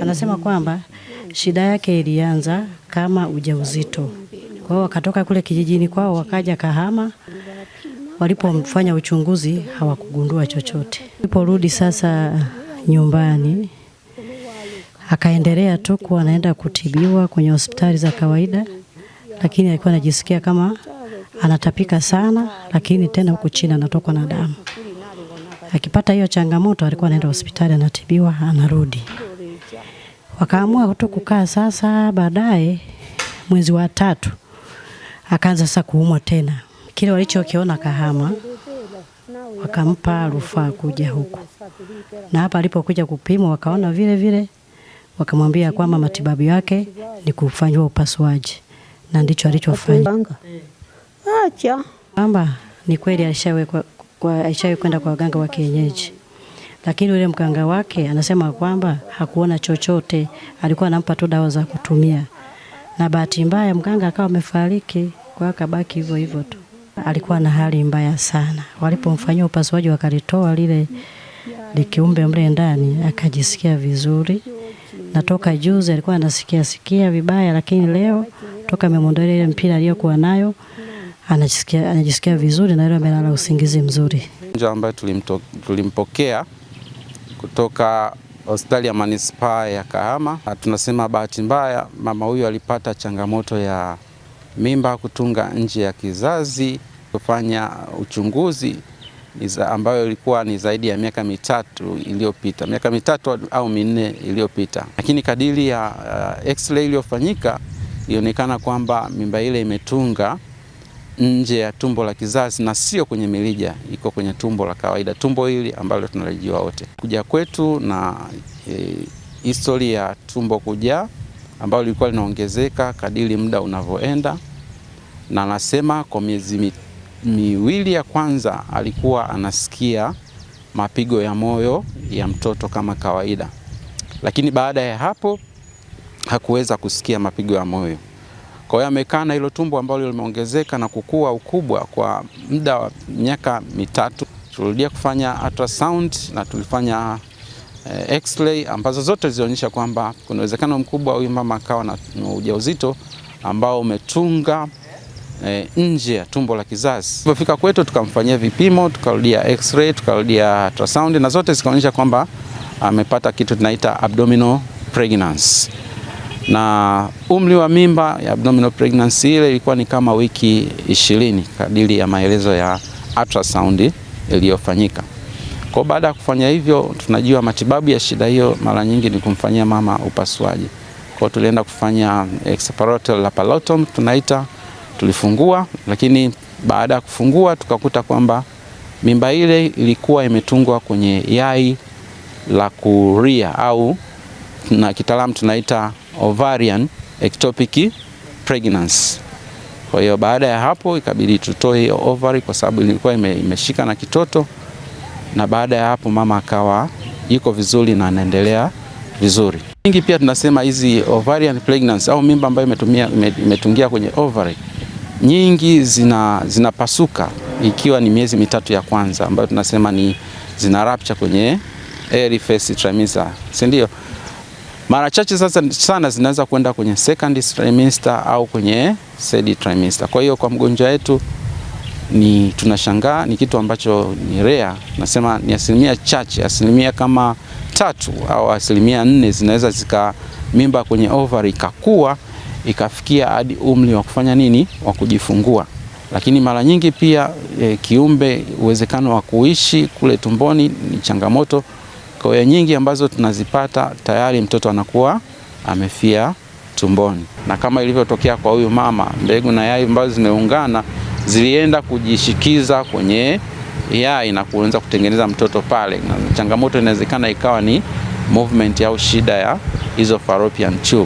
Anasema kwamba shida yake ilianza kama ujauzito. Kwa hiyo wakatoka kule kijijini kwao wakaja Kahama, walipomfanya uchunguzi hawakugundua chochote. Aliporudi sasa nyumbani, akaendelea tu kuwa anaenda kutibiwa kwenye hospitali za kawaida, lakini alikuwa anajisikia kama anatapika sana, lakini tena huku chini anatokwa na damu. Akipata hiyo changamoto alikuwa anaenda hospitali anatibiwa, anarudi. Wakaamua tu kukaa. Sasa baadaye mwezi wa tatu akaanza sasa kuumwa tena, kile walichokiona Kahama wakampa rufaa kuja huku, na hapa alipokuja kupimwa wakaona vile vile, wakamwambia kwamba matibabu yake ni kufanywa upasuaji, na ndicho alichofanya. Acha kwamba ni kweli alishawekwa kwa Aisha kwenda kwa waganga wa kienyeji, lakini yule mganga wake anasema kwamba hakuona chochote, alikuwa anampa tu dawa za kutumia, na bahati mbaya mganga akawa amefariki, kwa akabaki hivyo hivyo tu. Alikuwa na hali mbaya sana. Walipomfanyia upasuaji, wakalitoa lile likiumbe mle ndani, akajisikia vizuri na toka juzi alikuwa anasikia sikia vibaya, lakini leo toka amemwondolea ile mpira aliyokuwa nayo anajisikia, anajisikia vizuri na yule amelala usingizi mzuri. Mgonjwa ambaye tulimpokea kutoka hospitali ya manispaa ya Kahama, tunasema bahati mbaya mama huyu alipata changamoto ya mimba kutunga nje ya kizazi. Kufanya uchunguzi ambayo ilikuwa ni zaidi ya miaka mitatu iliyopita, miaka mitatu au minne iliyopita, lakini kadiri ya uh, x-ray iliyofanyika ilionekana kwamba mimba ile imetunga nje ya tumbo la kizazi na sio kwenye mirija, iko kwenye tumbo la kawaida, tumbo hili ambalo tunalijua wote. Kuja kwetu na e, historia ya tumbo kujaa ambalo lilikuwa linaongezeka kadiri muda unavyoenda, na anasema kwa miezi mi, miwili ya kwanza alikuwa anasikia mapigo ya moyo ya mtoto kama kawaida, lakini baada ya hapo hakuweza kusikia mapigo ya moyo. Kwa hiyo amekaa na hilo tumbo ambalo limeongezeka na kukua ukubwa kwa muda wa miaka mitatu. Tulirudia kufanya ultrasound na tulifanya eh, x-ray ambazo zote zilionyesha kwamba kuna uwezekano mkubwa huyu mama akawa na ujauzito ambao umetunga E, nje ya tumbo la kizazi. Tulipofika kwetu tukamfanyia vipimo, tukarudia x-ray, tukarudia ultrasound na zote zikaonyesha kwamba amepata kitu tunaita abdominal pregnancy na umri wa mimba ya abdominal pregnancy ile ilikuwa ni kama wiki ishirini kadiri ya maelezo ya ultrasound iliyofanyika. Kwa baada ya kufanya hivyo, tunajua matibabu ya shida hiyo mara nyingi ni kumfanyia mama upasuaji. Kwa tulienda kufanya extraparietal laparotomy tunaita, tulifungua, lakini baada ya kufungua tukakuta kwamba mimba ile ilikuwa imetungwa kwenye yai la kuria au na kitaalamu tunaita ovarian ectopic pregnancy. Kwa hiyo baada ya hapo ikabidi tutoe hiyo ovary kwa sababu ilikuwa ime, imeshika na kitoto, na baada ya hapo mama akawa yuko vizuri na anaendelea vizuri. Nyingi pia tunasema hizi ovarian pregnancy au mimba ambayo imetumia imetungia kwenye ovary nyingi zina zinapasuka ikiwa ni miezi mitatu ya kwanza ambayo tunasema ni zina rupture kwenye early first trimester, si ndio? Mara chache sasa sana zinaweza kwenda kwenye second trimester au kwenye third trimester. Kwa hiyo kwa mgonjwa wetu ni tunashangaa, ni kitu ambacho ni rare, nasema ni asilimia chache, asilimia kama tatu au asilimia nne zinaweza zika mimba kwenye ovary ikakua ikafikia hadi umri wa kufanya nini, wa kujifungua. Lakini mara nyingi pia e, kiumbe uwezekano wa kuishi kule tumboni ni changamoto. Kwa hiyo nyingi ambazo tunazipata tayari mtoto anakuwa amefia tumboni, na kama ilivyotokea kwa huyu mama, mbegu na yai ambazo zimeungana zilienda kujishikiza kwenye yai na kuanza kutengeneza mtoto pale, na changamoto inawezekana ikawa ni movement au shida ya hizo fallopian tube.